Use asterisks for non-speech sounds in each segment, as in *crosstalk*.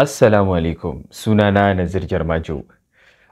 Assalamu alaikum sunana Nazir Jarmajo.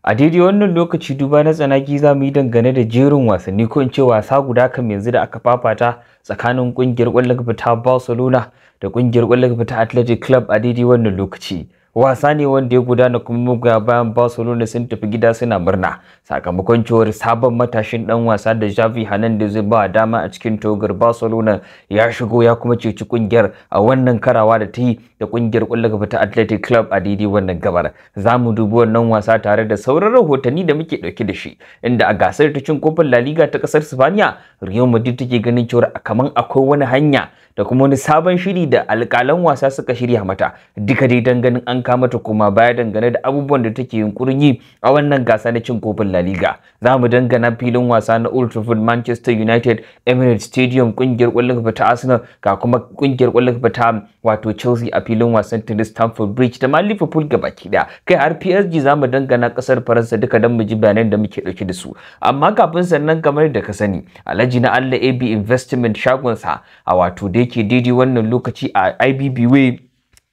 A daidai wannan lokaci duba na tsanaki za mu yi dangane da jerin wasanni ko in ce wasa guda kan yanzu da aka fafata tsakanin kungiyar ƙwallon kafa ta Barcelona da kungiyar ƙwallon kafa ta Athletic Club a daidai wannan lokaci. Wasa ne wanda ya gudana kuma muga bayan Barcelona sun tafi gida suna murna sakamakon cewar sabon matashin dan wasa da Xavi Hernandez zai ba dama a cikin togar Barcelona ya shigo ya kuma ceci kungiyar a wannan karawa da ta yi da kungiyar kwallon ta Athletic Club a daidai wannan gabar. Za mu dubi wannan wasa tare da sauran rahotanni da muke dauke da shi inda a gasar ta cin kofin La Liga ta kasar Spaniya Real Madrid take ganin cewa kaman akwai wani hanya da kuma wani sabon shiri da alƙalan wasa suka shirya mata duka dai dan ganin an kama ta kuma baya dangane da abubuwan da take yunkurin yi a wannan gasa na cin kofin La Liga za mu dangana filin wasa na Old Trafford Manchester United Emirates Stadium kungiyar kwallon kafa ta Arsenal ga kuma kungiyar kwallon kafa ta wato Chelsea a filin filin wasan tennis Stamford Bridge da ma Liverpool gabaki daya kai har PSG za mu dangana kasar Faransa duka dan mu ji bayanan da muke dauke da su amma kafin sannan kamar da ka sani Alhaji na Allah AB Investment shagonsa a wato da yake daidai wannan lokaci a IBB Way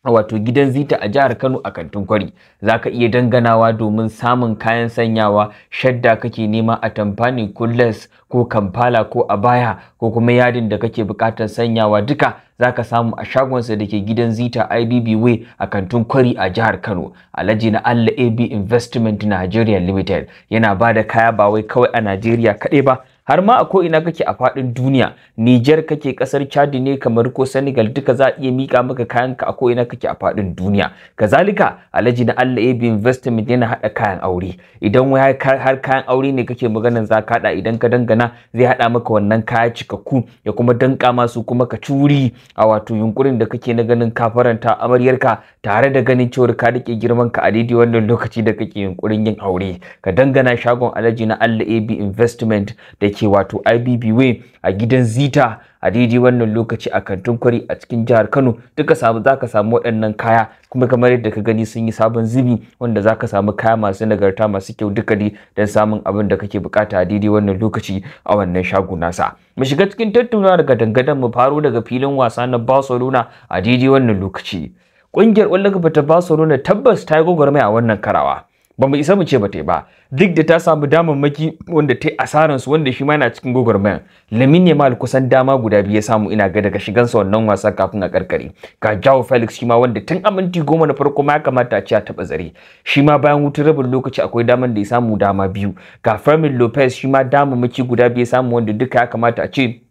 wato gidan zita a jihar Kano a kantin kwari za ka iya danganawa domin samun kayan sanyawa shadda kake nema a tamfani kullas ko Kampala ko abaya ko kuma yadin da kake buƙatar sanyawa duka za ka samu a shagonsa da ke gidan zita ibb way a kantin kwari a jihar Kano alhaji na Allah AB Investment Nigeria Limited yana ba da kaya ba wai kawai a Najeriya kaɗai ba har ma a ko'ina kake a faɗin duniya Nijar kake ƙasar Chad ne kamar ko Senegal duka za a iya mika maka kayanka a ko ina kake a faɗin duniya kazalika alhaji na Allah bi investment yana haɗa kayan aure idan wai har kayan aure ne kake maganan za ka haɗa idan ka dangana zai haɗa maka wannan kaya cikakku ya kuma danka masu kuma ka turi a wato yunkurin da kake na ganin ka faranta amaryarka tare da ganin cewar ka rike girman ka a daidai wannan lokaci da kake yunkurin yin aure ka dangana shagon alhaji na Allah bi investment da yake wato ibb way a gidan zita a daidai wannan lokaci a kantin kwari a cikin jihar kano duka samu za samu waɗannan kaya kuma kamar yadda ka gani sun yi sabon zubi wanda zaka samu kaya masu nagarta masu kyau duka ne don samun abin da kake bukata a daidai wannan lokaci a wannan shago nasa mu shiga cikin tattaunawa daga dangadan mu faro daga filin wasa na barcelona a daidai wannan lokaci ƙungiyar ƙwallon ta barcelona tabbas ta yi gwagwarmaya a wannan karawa ba mu isa mu ce ba ta ba duk da ta samu damammaki wanda ta yi su wanda shi ma yana cikin gogormayan lamin mal kusan dama guda biyu ya samu ina ga daga shigansa wannan wasa kafin a karkare ga jawo felix shi ma wanda tun aminti goma na farko ma ya kamata a ci a taba zare shi ma bayan hutun rabin lokaci akwai daman da ya samu dama biyu ga fermin lopez shi ma damammaki guda biyu ya samu wanda duka ya kamata a ce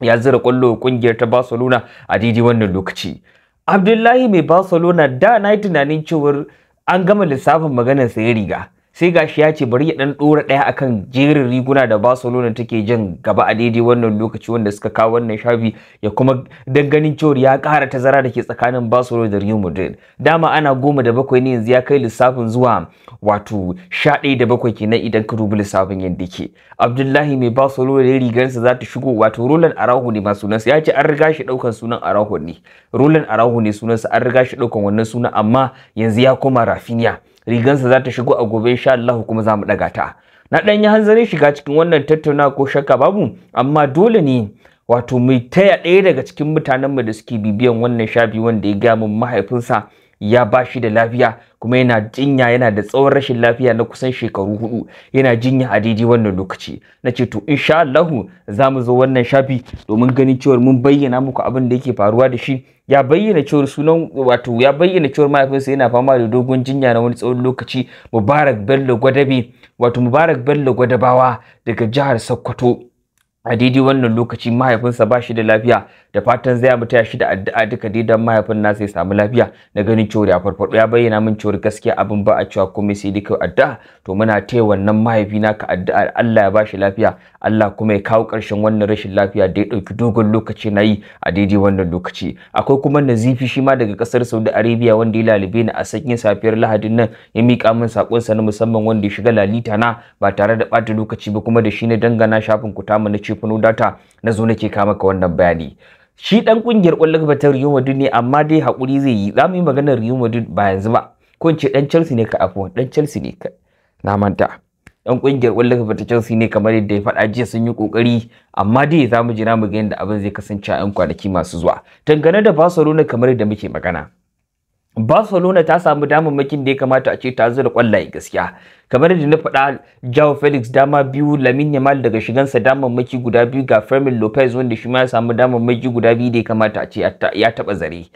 ya zira kwallo kungiyar ta barcelona a daidai wannan lokaci abdullahi mai barcelona da na yi tunanin cewar an gama lissafin maganar ya riga sai gashi ya ce bari ya dan dora daya akan jerin riguna da Barcelona take jin gaba a daidai wannan lokaci wanda suka kawo wannan shafi ya kuma danganin cewar ya kara tazara da ke tsakanin Barcelona da Real Madrid dama ana goma da bakwai ne yanzu ya kai lissafin zuwa wato sha da bakwai kenan idan ka dubi lissafin yadda ke Abdullahi mai Barcelona da rigarsa za ta shigo wato Roland Araujo ne ma sunansa ya ce an riga shi ɗaukan sunan Araujo ne Roland Araujo ne sunansa an riga shi daukan wannan sunan amma yanzu ya koma Rafinha rigansa za ta shigo a gobe insha Allah kuma za mu daga ta na dan yi hanzarin shiga cikin wannan tattauna ko shakka babu amma dole ne wato mu taya ɗaya daga cikin mutanenmu da suke bibiyan wannan shabi wanda ya gaya mun mahaifinsa ya ba shi da lafiya kuma yana jinya yana da tsawon rashin lafiya na kusan shekaru hudu yana jinya a daidai wannan lokaci na ce to insha Allahu za mu zo wannan shafi domin ganin cewa mun bayyana muku abin da yake faruwa da shi ya bayyana cewa sunan wato ya bayyana cewa mahaifinsa yana fama da dogon jinya na wani tsawon lokaci Mubarak Bello Gwadabe wato Mubarak Bello Gwadabawa daga jihar Sokoto a daidai wannan lokaci mahaifinsa ba shi da lafiya da fatan zai mutaya shi da addu'a duka daidan mahaifin nasa ya samu lafiya na ganin cewa ya farfado ya bayyana min cewa gaskiya abin ba a cewa komai sai dai addu'a to muna taya wannan mahaifi ka addu'a Allah ya ba shi lafiya Allah kuma ya kawo ƙarshen wannan rashin lafiya da ya ɗauki dogon lokaci na yi a daidai wannan lokaci akwai kuma nazifi shi ma daga ƙasar Saudi Arabia wanda ya lalube ni a sanyin safiyar Lahadin nan ya miƙa min sa na musamman wanda ya shiga lalita na ba tare da ɓata lokaci ba kuma da shi ne dangana shafin kutama na Cifino Data na zo nake kama ka wannan bayani shi dan kungiyar ƙwallon kafa ta Real Madrid ne amma dai hakuri zai yi za mu yi maganar Real Madrid ba yanzu ba ko ce dan Chelsea ne ka afuwa dan Chelsea ne ka na manta dan kungiyar ƙwallon kafa ta Chelsea ne kamar yadda ya faɗa jiya sun yi kokari amma dai za mu jira mu ga yadda abin zai kasance a 'yan kwanaki masu zuwa dangane da Barcelona kamar yadda muke magana Barcelona ta samu damammakin da ya kamata a ce ta zura kwallaye gaskiya. Kamar da na faɗa Jao Felix dama biyu Lamine Yamal daga shigansa damammaki guda biyu ga Fermin Lopez wanda shi ma ya samu damammaki guda biyu da ya kamata a ce ya taɓa zare.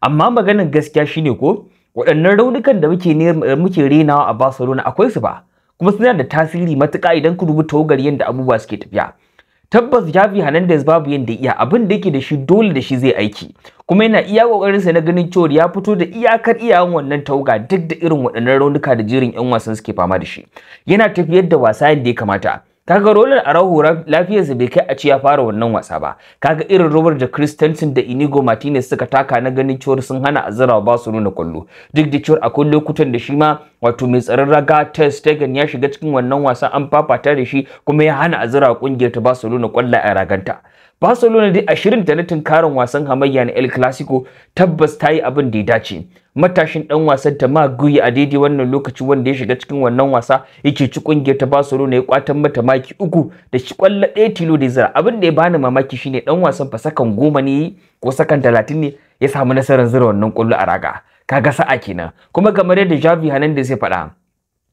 Amma maganar gaskiya shine ko waɗannan raunukan da muke muke renawa a Barcelona akwai su ba kuma suna da tasiri matuƙa idan ku rubuta tawagar yadda abubuwa suke tafiya. Tabbas Javi Hernandez babu yadda iya abin da yake da shi dole da shi zai aiki. kuma yana iya kokarin sa na ganin cewa ya fito da iyakar iyawan wannan tauga duk da irin waɗannan raunuka da jirin yan wasan suke fama da shi yana tafiyar da wasa yadda ya kamata kaga a Araujo lafiyarsa bai kai a ci ya fara wannan wasa ba kaga irin Robert da Christensen da Inigo Martinez suka taka na ganin cewar sun hana Azara ba su nuna kwallo duk da cewar akwai lokutan da shi ma wato mai tsaron raga ta Stegen ya shiga cikin wannan wasa an fafata da shi kuma ya hana Azara kungiyar ta nuna kwallo a raganta Barcelona dai ashirin da na karin wasan hamayya na El Clasico tabbas ta yi abin da ya dace. Matashin ɗan wasan ta Maguyi a daidai wannan lokaci wanda ya shiga cikin wannan wasa yake ci kungiyar ta Barcelona ya kwatan mata maki uku da shi kwallo ɗaya tilo da zira. Abin da ya bani mamaki shine ɗan wasan fa sakan goma ne ko sakan talatin ne ya samu nasarar zira wannan kwallo a raga. Kaga sa'a kenan. Kuma kamar yadda Javi Hernandez ya faɗa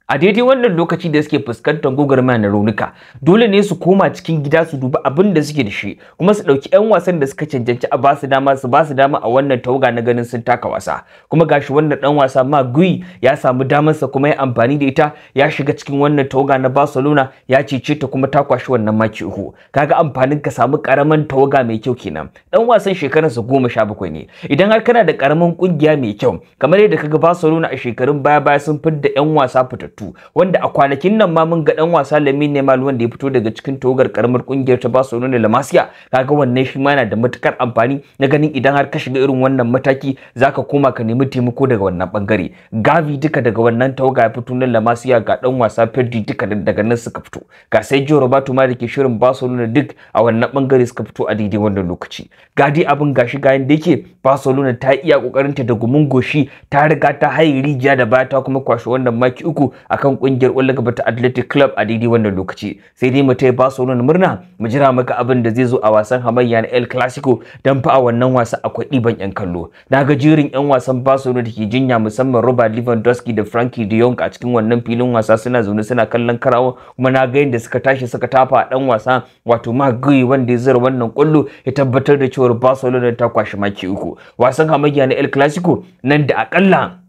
a daidai wannan lokaci da suke fuskantar gogarma na raunuka dole ne su koma cikin gida su duba abin da suke da shi kuma su ɗauki 'yan wasan da suka cancanci a basu dama su basu dama a wannan tawaga na ganin sun taka wasa kuma gashi wannan ɗan wasa ma gui ya samu damarsa kuma ya amfani da ita ya shiga cikin wannan tawaga na barcelona ya cece ta kuma ta kwashi wannan maki uku kaga amfanin ka samu karaman tawaga mai kyau kenan ɗan wasan shekararsa goma sha bakwai ne idan har kana da karamin kungiya mai kyau kamar yadda kaga barcelona a shekarun baya baya sun fidda 'yan wasa fitattu amintattu wanda a kwanakin nan ma mun ga dan wasa Lamin Nemal wanda ya fito daga cikin togar karamar kungiyar ta Barcelona da La Masia kaga wannan shi ma yana da matukar amfani na ganin idan har ka shiga irin wannan mataki zaka koma ka nemi taimako daga wannan bangare Gavi duka daga wannan tawaga ya fito na La ga dan wasa Pedri duka daga nan suka fito ga sai Sergio Roberto ma dake shirin Barcelona duk a wannan bangare suka fito a daidai wannan lokaci gadi abin gashi ga yanda yake Barcelona ta iya kokarinta da gumin goshi ta riga ta haye rijiya da baya ta kuma kwashe wannan maki uku akan kungiyar ƙwallon gaba ta Athletic Club a daidai wannan lokaci sai dai mu taya Barcelona murna mu jira maka abin da zai zo a wasan hamayya na El Clasico dan fa a wannan wasa akwai ɗiban yan kallo na ga jerin yan wasan Barcelona da ke jinya musamman Robert Lewandowski da Frankie de Jong a cikin wannan filin wasa suna zaune suna kallon karawa kuma na ga yadda suka tashi suka tafa a dan wasa wato Magui wanda ya zira wannan kwallo ya tabbatar da cewa Barcelona ta kwashi maki uku wasan hamayya na El Clasico nan da akalla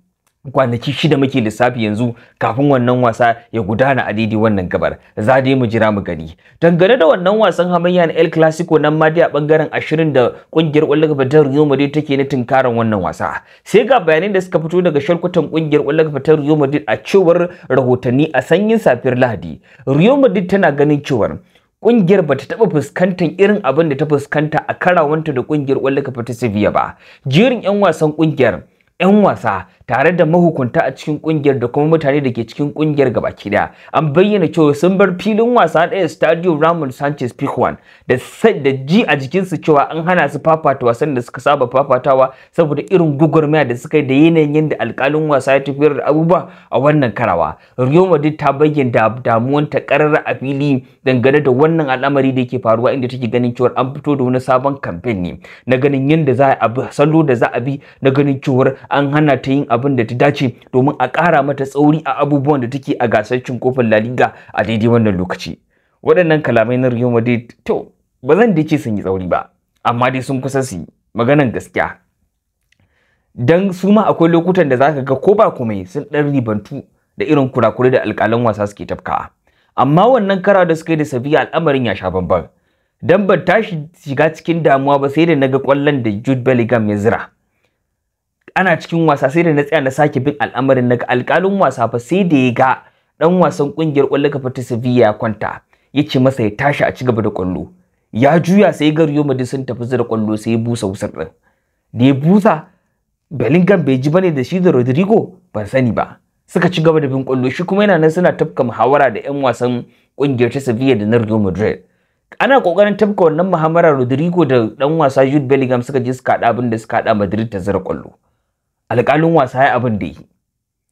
kwanaki shida muke lissafi yanzu kafin wannan wasa ya gudana a daidai wannan gabar za dai mu jira mu gani dangane da wannan wasan hamayya na El Clasico nan ma dai a bangaren 20 da kungiyar ƙwallon kafa ta Madrid take na tunkaran wannan wasa sai ga bayanan da suka fito daga sharkutan kungiyar ƙwallon kafa ta Madrid a cewar rahotanni a sanyin safiyar Lahadi rio Madrid tana ganin cewar kungiyar bata taba fuskantar irin abin da ta fuskanta a karawanta da kungiyar ƙwallon kafa ta Sevilla ba jerin yan wasan kungiyar 'yan wasa tare da mahukunta a cikin kungiyar da kuma mutane da ke cikin kungiyar gaba daya an bayyana cewa sun bar filin wasa ɗaya stadio ramon sanchez pizjuan da da ji a jikinsu cewa an hana su fafata wasan da suka saba fafatawa saboda irin gugurmaya da suka yi da yanayin yadda alkalin wasa ya tafiyar da abubuwa a wannan karawa rio madrid ta bayyana damuwan ta karara a fili dangane da wannan al'amari da yake faruwa inda take ganin cewa an fito da wani sabon kamfen ne na ganin yadda za a bi salo da za a bi na ganin cewa an hana ta yin abin da ta dace domin a ƙara mata tsauri a abubuwan da take a gasar cin kofin La Liga a daidai wannan lokaci waɗannan kalamai na Real Madrid to ba zan dace sun yi tsauri ba amma dai sun kusa su yi maganan gaskiya dan su ma akwai lokutan da zaka ga ko ba komai sun ɗan ribantu da irin kurakurai da alƙalan wasa suke tafkawa amma wannan kara da suka yi da Sevilla al'amarin ya sha bambam. dan ban tashi shiga cikin damuwa ba sai da naga kwallon da Jude Bellingham ya zira ana cikin wasa sai da na tsaya na sake bin al'amarin naga alƙalin wasa fa sai da ya ga dan wasan kungiyar ƙwallon kafa ta Sevilla ya kwanta ya ce masa ya tashi a cigaba da ƙwallo ya juya sai ga Real Madrid sun tafi zira ƙwallo sai ya busa wusar din da ya busa Bellingham bai ji bane da shi da Rodrigo ban sani ba suka ci gaba da bin ƙwallo shi kuma yana nan suna tafka muhawara da 'yan wasan kungiyar ta Sevilla da na Real Madrid ana kokarin tafka wannan muhamara Rodrigo da dan wasa Jude Bellingham suka je suka hada abin da suka Madrid ta zira ƙwallo alƙalin wasa ya abin da yi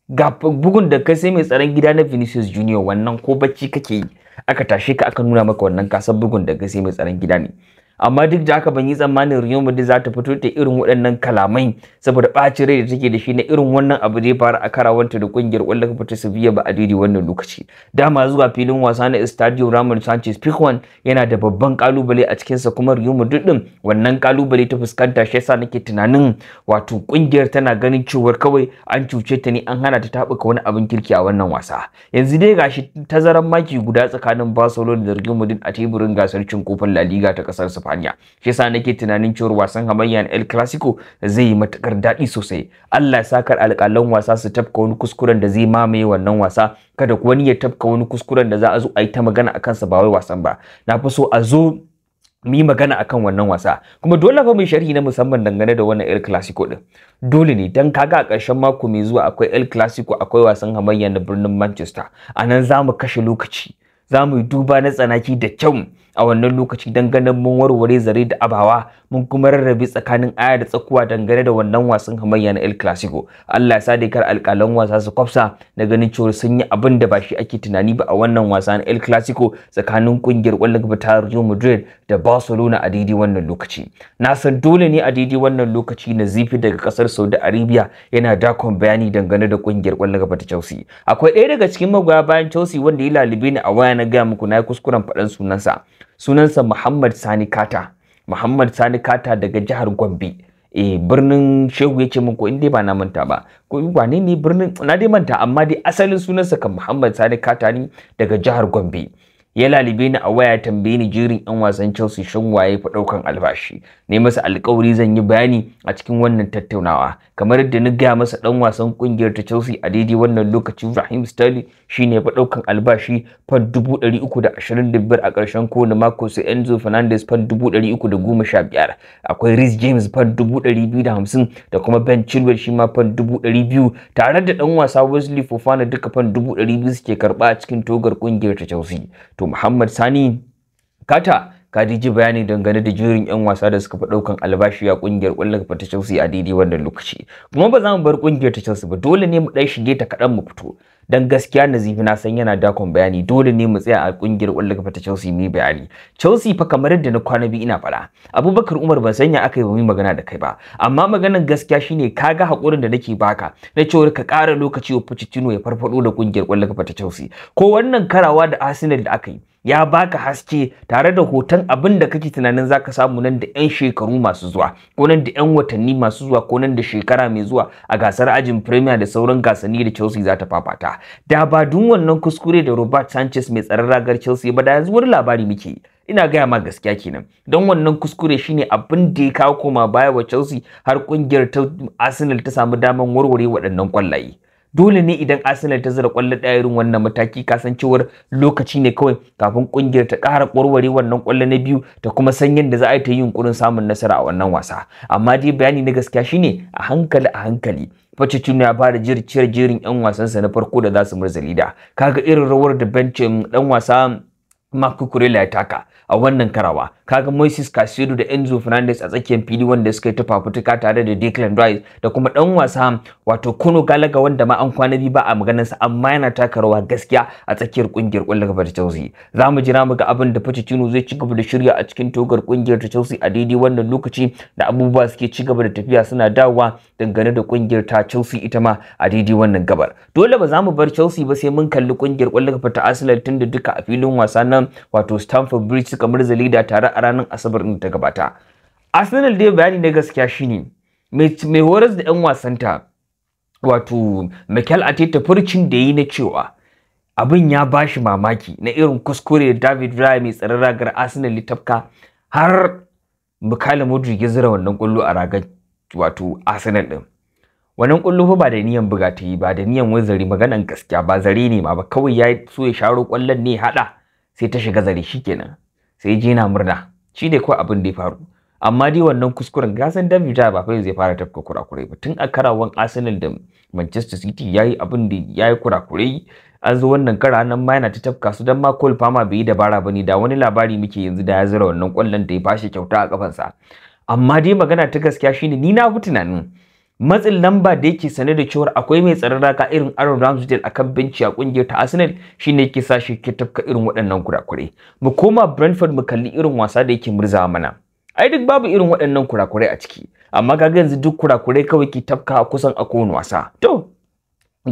ga bugun da kai sai mai tsaron gida na Vinicius Junior wannan ko bacci kake yi aka tashe ka aka nuna maka wannan kasar bugun da kai sai mai tsaron gida ne amma duk da haka ban yi tsammanin Real Madrid za ta fito ta irin waɗannan kalamai saboda ɓacin rai da take da shi na irin wannan abu zai fara a karawanta da ƙungiyar ƙwallon kafa ta Sevilla ba a daidai wannan lokaci dama zuwa filin wasa na Estadio Ramon Sanchez Pizjuan yana da babban kalubale a cikin sa kuma Real Madrid din wannan kalubale ta fuskanta shi yasa nake tunanin wato ƙungiyar tana ganin cewar kawai an cuce ta ne an hana ta tabuka wani abin kirki a wannan wasa yanzu dai gashi tazaran maki guda tsakanin Barcelona da Real Madrid a teburin gasar cin kofin La Liga ta ƙasar Espanya shi yasa nake tunanin cewar wasan hamayya na El Clasico zai yi matakar daɗi sosai Allah ya saka alƙalan wasa su tafka wani kuskuren da zai mamaye wannan wasa kada wani ya tafka wani kuskuren da za a zo a yi ta magana akan sa ba wai wasan ba na fi so a zo mu yi magana akan wannan wasa kuma dole fa mu sharhi na musamman dangane da wannan El Clasico din dole ne dan kaga a ƙarshen mako mai zuwa akwai El Clasico akwai wasan hamayya na birnin Manchester anan zamu kashe lokaci zamu yi duba na tsanaki da kyau a wannan lokaci don ganin mun warware zare da abawa mun kuma rarrabe tsakanin aya da tsakuwa dangane da wannan wasan hamayya na El Clasico. Allah ya sa dai kar alƙalan wasa su kwafsa na ganin cewa sun yi abin da ba shi ake tunani ba a wannan wasa na El Clasico tsakanin ƙungiyar ƙwallon gaba ta Real Madrid da Barcelona a daidai wannan lokaci. Na san dole ne a daidai wannan lokaci na zifi daga ƙasar Saudi Arabia yana dakon bayani dangane da ƙungiyar ƙwallon gaba ta Chelsea. Akwai ɗaya daga cikin magoya bayan Chelsea wanda ya lalube ni a waya na gaya muku na yi kuskuren faɗan sunansa. Sunansa Muhammad Sani Kata. Muhammad Sani Kata daga jihar Gombe eh birnin Shehu yace min ko in ba na manta ba ko wane ne birnin na dai manta amma dai asalin sunansa kan Muhammad Sani Kata ne daga jihar Gombe ya lalibe ni a waya tambaye ni jirin 'yan wasan Chelsea shin waye fa daukan albashi ne masa alƙawari zan yi bayani a cikin wannan tattaunawa kamar yadda ni ga masa ɗan wasan kungiyar ta Chelsea a daidai wannan lokacin Raheem Sterling shine fa daukan albashi fan 325 a ƙarshen kowane mako sai Enzo Fernandez fan 315 akwai Rhys James fan 250 da kuma Ben Chilwell shi ma 200 tare da ɗan wasa Wesley Fofana duka fan 200 suke karba a cikin togar kungiyar ta Chelsea to Muhammad Sani Kata kadiji bayani dangane da jurin yan wasa da suka fi daukan albashi a kungiyar kwallon kafa ta Chelsea a daidai wannan lokaci kuma ba za mu bar ƙungiyar ta Chelsea ba dole ne mu ɗan shige ta kaɗan mu fito dan gaskiya Nazifi na san yana dakon bayani dole ne mu tsaya a ƙungiyar kwallon kafa ta Chelsea mu bayani Chelsea fa kamar yadda na kwana biyu ina fada Abubakar Umar ban sanya aka yi ba mu magana da kai ba amma maganar gaskiya shine ga hakurin da nake baka na cewar ka ƙara lokaci wa Pochettino ya farfaɗo da kungiyar kwallon kafa ta Chelsea ko wannan karawa da Arsenal da aka yi ya baka haske tare da hoton abin da kake tunanin zaka samu nan da 'yan shekaru masu zuwa ko nan da 'yan watanni masu zuwa ko nan da shekara mai zuwa a gasar ajin Premier da sauran gasanni da Chelsea za ta fafata. Da ba dun wannan kuskure da Robert Sanchez mai tsaron ragar Chelsea ba da yanzu wani labari muke ina gaya ma gaskiya kenan don wannan kuskure shine abin da ya kawo koma baya wa Chelsea har kungiyar Arsenal ta samu damar warware waɗannan kwallaye dole ne idan Arsenal ta zira kwallo daya irin wannan mataki kasancewar lokaci ne kawai kafin kungiyar ta ƙara ƙwarware wannan kwallo na biyu ta kuma san yadda za a yi ta yin kurin samun nasara a wannan wasa amma dai bayani na gaskiya shine a hankali a hankali Pochettino ya fara jirciyar jerin 'yan wasansa na farko da za su murzali da kaga irin rawar da bencin dan wasa Marco Kurela ya taka a wannan karawa kaga Moises Casido da Enzo Fernandez a tsakiyar fili wanda suka yi ta fafutuka tare da Declan Rice da kuma dan wasa wato Kuno Galaga wanda ma an kwana biyu ba a maganar sa amma yana taka rawa gaskiya a tsakiyar kungiyar kwallon gaba ta Chelsea zamu jira mu ga abin da Pochettino zai ci gaba da shirya a cikin togar kungiyar ta Chelsea a daidai wannan lokaci da abubuwa suke cigaba da tafiya suna dawowa dangane da kungiyar ta Chelsea ita ma a daidai wannan gabar dole ba za mu bar Chelsea ba sai mun kalli kungiyar kwallon gaba ta Arsenal tunda duka a filin wasa nan wato Stamford Bridge suka murzali da tare a ranar asabar din ta gabata arsenal dai bayani na gaskiya shine mai horas da 'yan wasanta wato mikel ateta furcin da yi na cewa abin ya bashi mamaki na irin kuskure david raya mai tsaron ragar arsenal litafka har mikhail modric ya zira wannan kullo a ragar wato arsenal din wannan kullo fa ba da niyan buga ta yi ba da niyan wai zare maganan gaskiya ba zare ne ma ba kawai ya so ya sharo kwallon ne hada sai ta shiga zare shikenan sai ji na murna shi ne kawai abin da ya faru amma dai wannan kuskuren gasan dan Vita ba fa zai fara tafka kurakurai ba tun a karawan Arsenal da Manchester City yayi abin da yayi kurakurai an zo wannan kara nan ma yana ta tafka su dan ma Cole fama bai yi dabara ba bane da wani labari muke yanzu da ya zira wannan kwallon da ya bashi kyauta a kafansa amma dai magana ta gaskiya shine ni na fi tunanin matsin lamba da yake sane da cewar akwai mai tsaron raka irin Aaron Ramsdale a kan benci a kungiyar ta Arsenal shine yake sa shi ke tafka irin waɗannan kurakurai. Mu koma Brentford mu kalli irin wasa da yake murzawa mana. Ai duk babu irin waɗannan kurakurai a ciki, amma kaga yanzu duk kurakurai kawai ke tafka kusan a kowane wasa. To,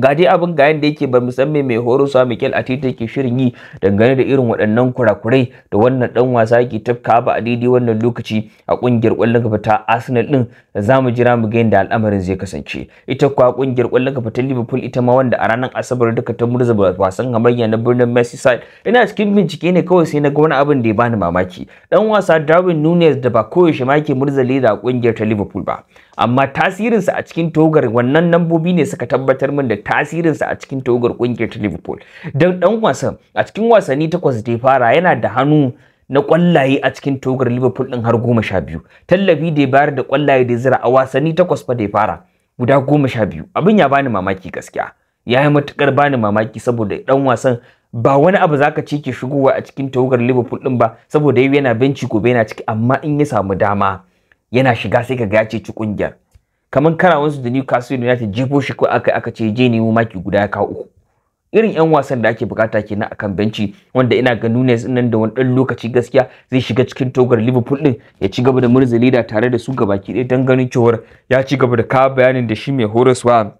ga abin ga yanda yake ba musamman mai horo sa Mikel Arteta yake shirin yi dangane da irin waɗannan kurakurai da wannan dan wasa yake tafka ba a daidai wannan lokaci a kungiyar ƙwallon kafa ta Arsenal din za mu jira mu ga yanda al'amarin zai kasance ita kuwa kungiyar ƙwallon kafa ta Liverpool ita ma wanda a ranar Asabar duka ta murza wasan hamayya na birnin Merseyside ina cikin bincike ne kawai sai na ga wani abin da ya bani mamaki dan wasa Darwin Nunez da ba koyaushe ma ke murza leda a kungiyar ta Liverpool ba amma tasirinsa a cikin togar wannan nambobi ne suka tabbatar min da tasirinsa a cikin togar kungiyar ta Liverpool dan dan wasan a cikin wasanni takwas da fara yana da hannu na kwallaye a cikin togar Liverpool din har goma sha biyu tallafi da ya bayar da kwallaye da zira a wasanni takwas fa da fara guda goma sha biyu abin ya bani mamaki gaskiya ya yi matukar bani mamaki saboda dan wasan ba wani abu zaka ce ke shigowa a cikin togar Liverpool din ba saboda yau yana benci gobe yana ciki amma in ya samu dama yana shiga sai ka ga ya ceci kungiyar kamar wasu da Newcastle United jefo shi ko aka aka ce je nemo maki guda ya kawo uku irin yan wasan da ake bukata kenan akan benci wanda ina ga Nunes nan da wani dan lokaci gaskiya zai shiga cikin togar Liverpool din ya ci gaba da murza leda tare da su gabaki ɗaya dan ganin cewar ya ci gaba da kawo bayanin da shi mai horaswa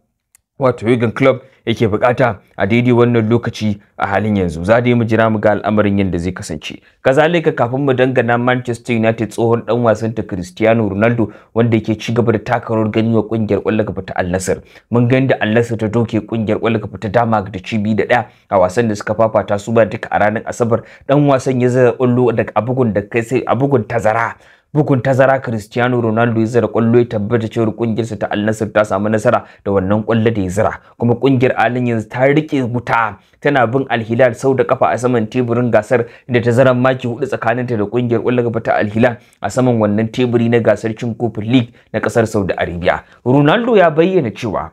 wato Jurgen Klopp yake bukata a daidai wannan lokaci a halin yanzu za dai mu jira mu ga al'amarin yadda zai kasance kazalika kafin mu dangana Manchester United tsohon dan wasan ta Cristiano Ronaldo wanda yake ci gaba da taka rawar gani wa kungiyar kwallon kafa ta Al Nassr mun ga da Al Nassr ta doke kungiyar kwallon kafa ta ga da cibi da daya a wasan da suka fafata su ba duka a ranar Asabar dan wasan ya zara kullu daga abugun da kai sai abugun tazara bugun tazara Cristiano Ronaldo ya zira kwallo ya tabbata cewa kungiyarsa ta Al Nassr ta samu nasara da wannan kwallo da ya zira kuma kungiyar alin yanzu ta rike wuta tana bin Al Hilal sau da kafa a saman teburin gasar da tazaran maki hudu tsakaninta da kungiyar kwallo gaba ta Al Hilal a saman wannan teburi na gasar cin kofin league na kasar Saudi Arabia Ronaldo ya bayyana cewa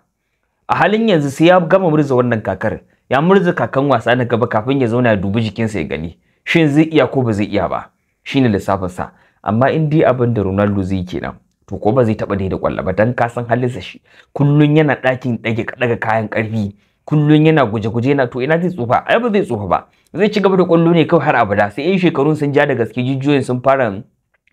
a halin yanzu sai ya gama murza wannan kakar ya murza kakan wasa na gaba kafin ya zauna ya dubi jikinsa ya gani shin zai iya ko ba zai iya ba shine sa. amma in dai abin da Ronaldo zai kenan to ko ba zai taba daida kwallo ba dan ka san halinsa shi kullun yana dakin dage daga kayan karfi kullun yana guje-guje yana to ina zai tsufa ai ba zai tsufa ba zai ci gaba da kwallo ne kawai har abada sai yan shekarun sun ja da gaske jijiyoyin sun fara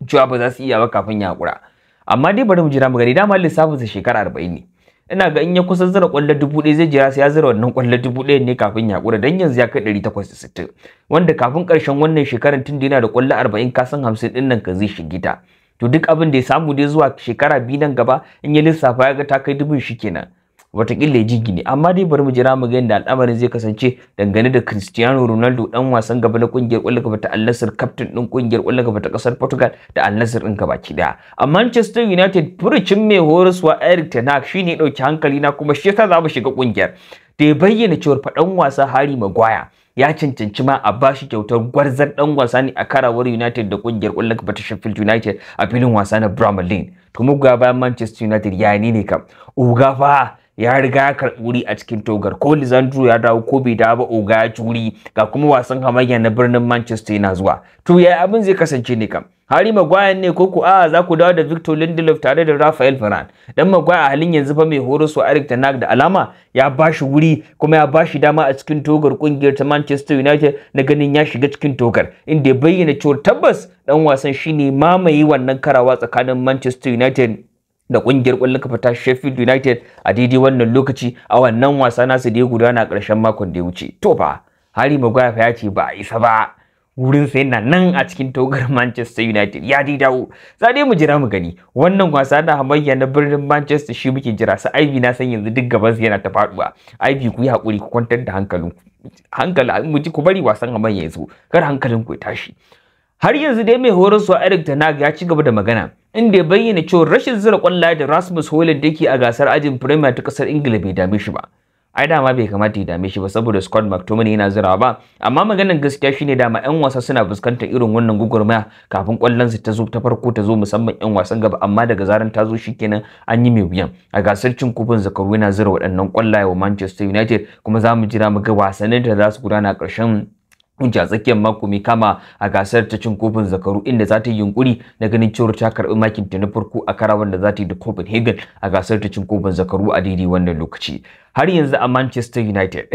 cewa ba za su iya ba kafin ya hakura amma dai bari mu jira mu gani dama lissafinsa shekara 40 ne ina ga in ya kusa zira kwallo dubu ɗaya zai jira sai ya zira wannan kwallo dubu ɗaya ne kafin ya kura dan yanzu ya kai ɗari takwas da sittin wanda kafin karshen wannan shekarar tunda yana da kwallo arba'in kasan hamsin ɗin nan ka zai shigita to duk abin da ya samu dai zuwa shekara biyu nan gaba in ya lissafa ya ga ta kai dubun shi kenan watakila ya gini, amma dai bari mu jira mu ga yadda al'amarin zai kasance dangane da Cristiano Ronaldo dan wasan gaba na kungiyar kwallon gaba ta Al Nassr captain din kungiyar kwallon gaba ta kasar Portugal da Al Nassr din gabaki daya a Manchester United furucin mai horaswa Eric Ten Hag shine dauki hankali na kuma shi sa za mu shiga kungiyar da ya bayyana cewar faɗan wasa Harry Maguire ya cancanci ma a bashi kyautar gwarzar dan wasa ne a karawar United da kungiyar kwallon gaba ta Sheffield United a filin wasa na Bramall Lane to bayan Manchester United ya ne kam uga fa ya riga ya karɓi wuri a cikin togar ko lisandro ya dawo ko bai dawo ba oga ya ci wuri ga kuma wasan hamayya na birnin manchester yana zuwa to ya abin zai kasance ne kam Harry Maguire ne ko ku a za ku dawo da Victor Lindelof tare da Rafael Varane. Dan Maguire a halin yanzu fa mai horo su Eric Ten da alama ya bashi wuri kuma ya bashi dama a cikin togar kungiyar ta Manchester United na ganin ya shiga cikin togar inda ya bayyana cewa tabbas dan wasan shine mamaye wannan karawa tsakanin Manchester United da kungiyar kwallon kafa ta Sheffield United a daidai wannan lokaci a wannan wasa nasu da ya gudana karshen makon da ya wuce. To fa, Harry Maguire ya ce ba a isa ba. Wurin sa yana nan a cikin togar *laughs* Manchester United ya dai dawo. Za dai mu jira mu gani. Wannan wasa na hamayya na birnin Manchester shi muke jira sa Ivy na san yanzu duk gaban yana ta faduwa. Ivy ku yi hakuri ku kwantar da hankalinku. Hankali mu ji ku bari wasan hamayya ya zo. Kar hankalinku ya tashi. Har yanzu dai mai horarwa Eric Hag ya ci gaba da magana. inda ya bayyana cewa rashin zira kwallaye da Rasmus Hojlund yake a gasar ajin Premier ta kasar Ingila bai dame shi ba. Ai dama bai kamata ya dame shi ba saboda Scott McTominay yana zirawa ba, amma maganar gaskiya shine dama 'yan wasa suna fuskantar irin wannan gugurmaya kafin kwallon su ta zo ta farko ta zo musamman 'yan wasan gaba amma daga zaran ta zo shikenan an yi mai wuyan. A gasar cin kofin zakaru yana zira waɗannan kwallaye wa Manchester United kuma za mu jira mu ga wasannin da za su gudana a ƙarshen kunja a tsakiyar mako mai kama a gasar ta cin kofin zakaru inda za ta yi yunkuri na ganin cewar ta karbi makin ta na farko a karawar da za yi da Copenhagen a gasar ta cin kofin zakaru a daidai wannan lokaci har yanzu a Manchester United *laughs*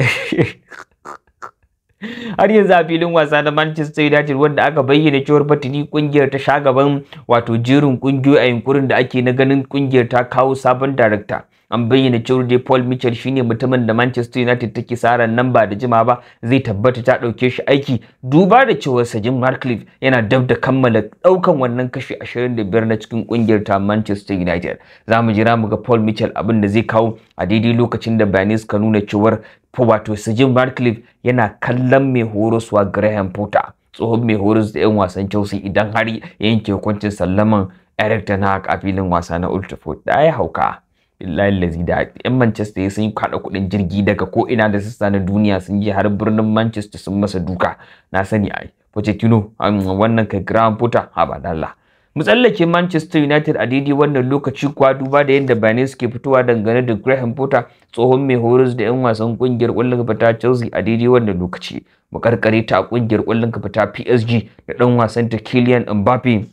har yanzu a filin wasa na Manchester United wanda aka bayyana cewar batini kungiyar ta sha gaban wato jerin kungiyoyi a yunkurin da ake na ganin kungiyar ta kawo sabon darakta an bayyana cewa dai Paul Mitchell shine mutumin da Manchester United take saran nan ba da jima ba zai tabbata ta dauke shi aiki duba da cewa Sajin Jim yana dab da kammala daukan wannan kashi 25 na cikin kungiyar ta Manchester United zamu jira mu ga Paul Mitchell abin da zai kawo a daidai lokacin da bayanai suka nuna cewar wato sajin Jim yana kallon mai suwa Graham Potter tsohon mai horos da 'yan wasan Chelsea idan har yanke hukuncin sallaman Eric Ten Hag a filin wasa na Old Trafford da ya hauka. layin lazi da yan manchester sun yi kwada kudin jirgi daga ko ina da sassa na duniya sun yi har birnin manchester sun masa duka na sani ai pochettino wannan kai graham potter ha ba dalla Matsallakin Manchester United a daidai wannan lokaci kuwa duba da yadda bayanai suke fitowa dangane da Graham Potter tsohon mai horis da 'yan wasan kungiyar ƙwallon kafa ta Chelsea a daidai wannan lokaci. karkare ta kungiyar ƙwallon kafa ta PSG da ɗan wasan ta Kylian Mbappe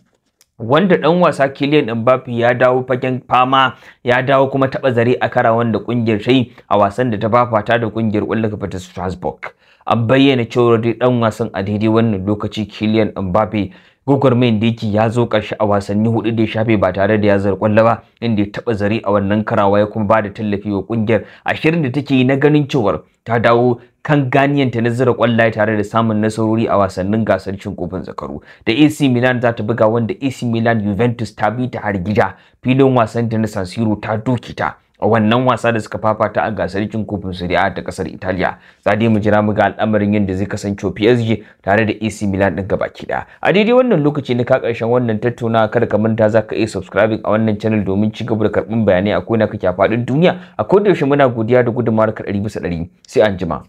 wanda dan wasa Kylian Mbappe ya dawo fagen fama ya dawo kuma taba zare a karawan da kungiyar shi a wasan da ta fafata da kungiyar kwallon kafa ta Strasbourg an bayyana cewa dai dan wasan a daidai wannan lokaci Kylian Mbappe gwagwarmayin da yake ya zo ƙarshe a wasanni hudu da ya shafe ba tare da ya zar kwallo ba inda ya taɓa zare a wannan karawa ya kuma ba da tallafi wa ƙungiyar ashirin da take na ganin cewar ta dawo kan ganiyanta na zira kwallaye tare da samun nasarori a wasannin gasar cin kofin zakaru da AC Milan za ta buga wanda AC Milan Juventus ta bi ta har gida filin wasan ta na San Siro ta doki ta a wannan wasa da suka fafata a gasar cin kofin Serie ta kasar Italiya za dai mu jira mu ga al'amarin yadda zai kasance PSG tare da AC Milan din gabaki daya a daidai wannan lokaci na ka karshen wannan tattaunawa kada ka manta za ka iya subscribing a wannan channel domin ci gaba da karbin bayanai a kona kake a faɗin duniya a kodayaushe muna godiya da gudunmawar ka ɗari bisa ɗari sai anjima.